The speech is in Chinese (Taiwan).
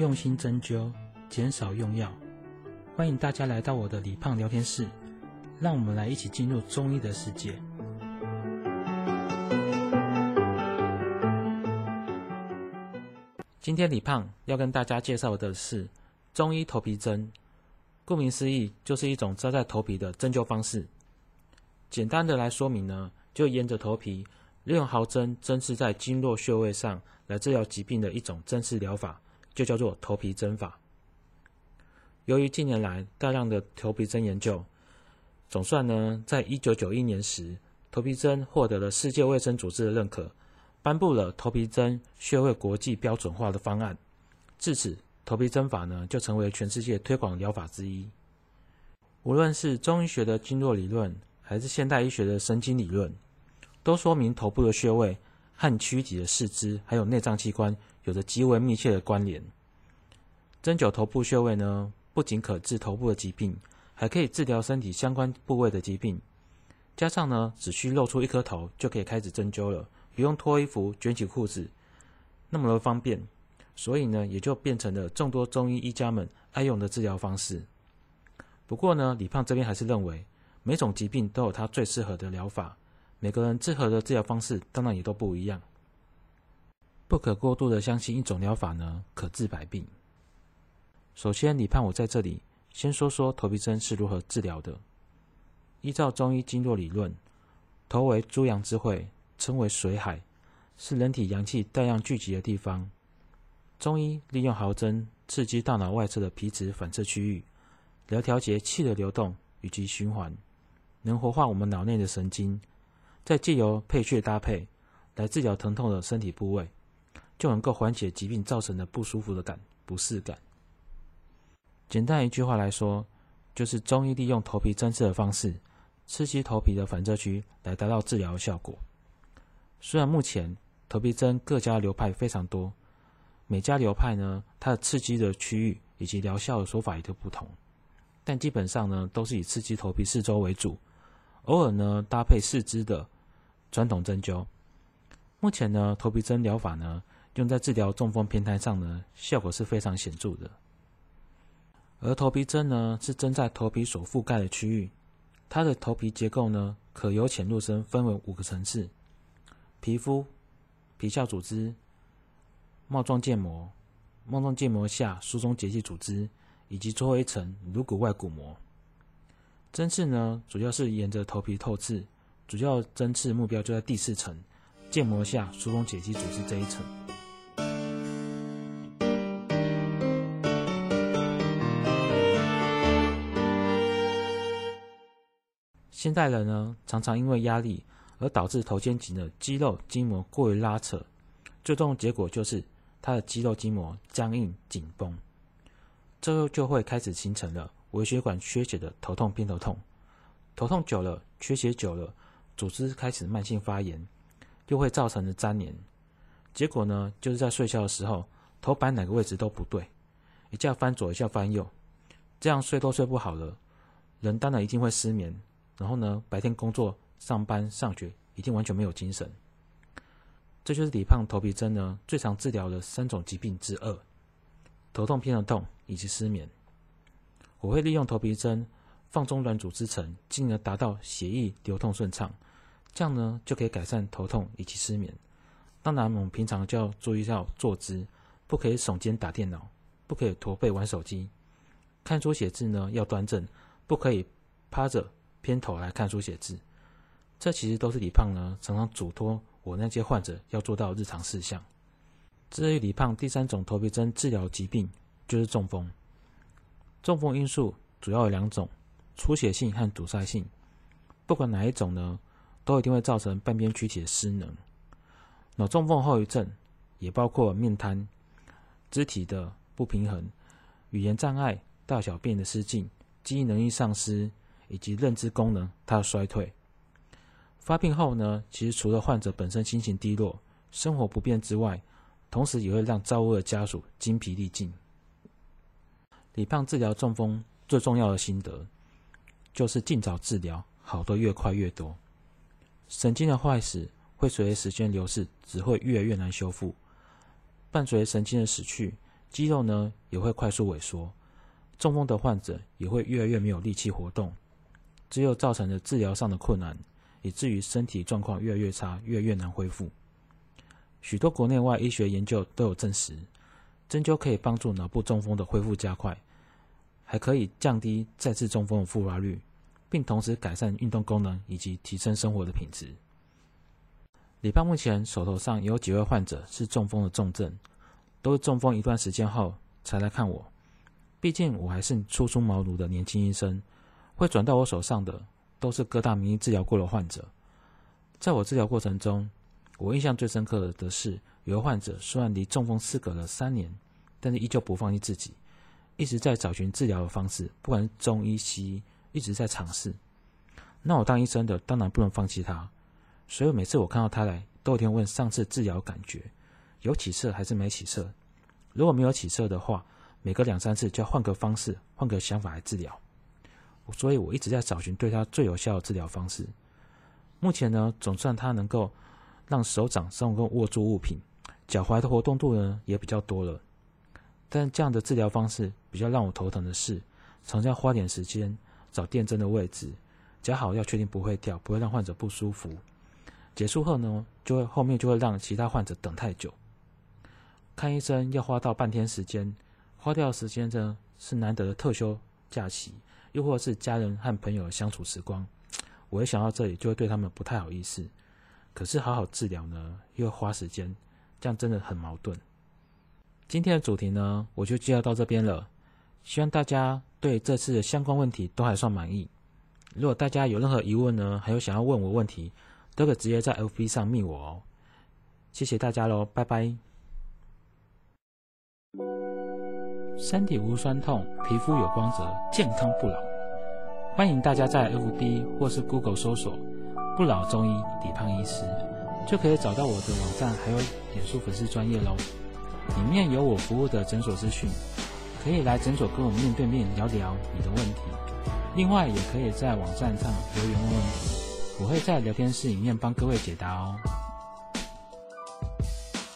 用心針灸，減少用藥。歡迎大家來到我的李胖聊天室，讓我們來一起進入中醫的世界。今天李胖要跟大家介紹的是中醫頭皮針，顧名思義，就是一種扎在頭皮的針灸方式。簡單的來說明呢，就沿着頭皮利用毫針針刺在經絡穴位上來治療疾病的一種針刺療法。就叫做頭皮針法。由於近年來大量的頭皮針研究，總算呢，在一九九一年時，頭皮針獲得了世界衛生組織的認可，頒布了頭皮針穴位國際標準化的方案。至此，頭皮針法呢就成為全世界推廣療法之一。無論是中醫學的經絡理論，還是現代醫學的神經理論，都說明頭部的穴位和軀體的四肢，還有內臟器官，有着極為密切的關聯。針灸頭部穴位呢，不僅可治頭部的疾病，還可以治療身體相關部位的疾病。加上呢，只需露出一顆頭就可以開始針灸了，不用脫衣服、捲起褲子，那麼的方便，所以呢，也就變成了眾多中醫醫家們愛用的治療方式。不過呢，李胖這邊還是認為，每種疾病都有它最適合的療法，每個人適合的治療方式當然也都不一樣。不可過度的相信一種療法呢，可治百病。首先，李胖我在這裡先說說頭皮針是如何治療的。依照中醫經絡理論，頭為諸陽之會，稱為水海，是人體陽氣大量聚集的地方。中醫利用毫針刺激大腦外側的皮質反射區域，來調節氣的流動以及循環，能活化我們腦內的神經，再借由配穴搭配來治療疼痛的身體部位。就能夠緩解疾病造成的不舒服的感，不適感。簡單一句話來說，就是中醫利用頭皮針刺的方式，刺激頭皮的反射區來達到治療效果。雖然目前頭皮針各家流派非常多，每家流派呢，它的刺激的區域以及療效的說法也都不同，但基本上呢，都是以刺激頭皮四周為主，偶爾呢，搭配四肢的傳統針灸。目前呢，頭皮針療法呢，用在治療中風偏癱上呢，效果是非常顯著的。而頭皮針呢，是針在頭皮所覆蓋的區域，它的頭皮結構呢，可由淺入深分為五個層次：皮膚、皮下組織、帽狀腱膜、帽狀腱膜下疏鬆結締組織，以及最後一層顱骨外骨膜。針刺呢，主要是沿着頭皮透刺，主要針刺目標就在第四層腱膜下疏鬆結締組織這一層。現代人呢，常常因為壓力而導致頭肩頸的肌肉筋膜過於拉扯，最終結果就是他的肌肉筋膜僵硬緊繃，這又就會開始形成了微血管缺血的頭痛偏頭痛。頭痛久了，缺血久了，組織開始慢性發炎，又會造成了粘連。結果呢，就是在睡覺的時候頭擺哪個位置都不對，一下翻左一下翻右，這樣睡都睡不好了，人當然一定會失眠。然後呢，白天工作、上班、上學，一定完全沒有精神。這就是李胖頭皮針呢最常治療的三種疾病之二：頭痛，偏痛、偏頭痛以及失眠。我會利用頭皮針放中軟組織層，進而達到血液流通順暢，這樣呢就可以改善頭痛以及失眠。當然，我們平常就要注意要坐姿，不可以聳肩打電腦，不可以駝背玩手機，看書寫字呢要端正，不可以趴着。偏頭來看書寫字，這其實都是李胖呢常常囑托我那些患者要做到的日常事項。至於李胖第三種頭皮針治療疾病，就是中風。中風因素主要有兩種：出血性和堵塞性。不管哪一種呢，都一定會造成半邊軀體的失能。腦中風後遺症也包括面癱、肢體的不平衡、語言障礙、大小便的失禁、記憶能力喪失。以及認知功能，它的衰退。發病後呢，其實除了患者本身心情低落、生活不便之外，同時也會讓照顧的家屬精疲力盡。李胖治療中風最重要的心得就是盡早治療，好的越快越多。神經的壞死會隨着時間流逝，只會越來越難修復。伴隨神經的死去，肌肉呢也會快速萎縮。中風的患者也會越來越沒有力氣活動。只有造成了治療上的困難，以至於身體狀況越來越差，越來越難恢復。許多國內外醫學研究都有證實，針灸可以幫助腦部中風的恢復加快，還可以降低再次中風的復發率，並同時改善運動功能以及提升生活的品質。李胖目前手頭上也有幾位患者是中風的重症，都是中風一段時間後才來看我，畢竟我還是初出茅廬的年輕醫生。會轉到我手上的都是各大名醫治療過的患者，在我治療過程中，我印象最深刻的是，有患者雖然離中風事隔了三年，但是依舊不放棄自己，一直在找尋治療的方式，不管是中醫西醫，一直在嘗試。那我當醫生的當然不能放棄他，所以每次我看到他來，都有一天問上次治療的感覺有起色還是沒起色。如果沒有起色的話，每隔兩三次就要換個方式、換個想法來治療。所以我一直在找尋對他最有效的治療方式。目前呢，總算他能夠讓手掌能夠握住物品，腳踝的活動度呢也比較多了。但這樣的治療方式比較讓我頭疼的是，常常要花點時間找電針的位置，夾好要確定不會掉，不會讓患者不舒服。結束後呢，就會後面就會讓其他患者等太久。看醫生要花到半天時間，花掉的時間呢是難得的特休假期。又或者是家人和朋友的相處時光，我一想到這裡就會對他們不太好意思。可是好好治療呢，又要花時間，這樣真的很矛盾。今天的主題呢，我就介紹到，到這邊了。希望大家對這次的相關問題都還算滿意。如果大家有任何疑問呢，還有想要問我問題，都可以直接在 FB 上密我哦。謝謝大家嘍，拜拜。身體無痠痛，皮膚有光澤，健康不老。歡迎大家在 FB 或是 Google 搜索“不老中醫李胖醫師”，就可以找到我的網站，還有臉書粉絲專業嘍。裡面有我服務的診所資訊，可以來診所跟我面對面聊聊你的問題。另外，也可以在網站上留言問問題，我會在聊天室裡面幫各位解答哦。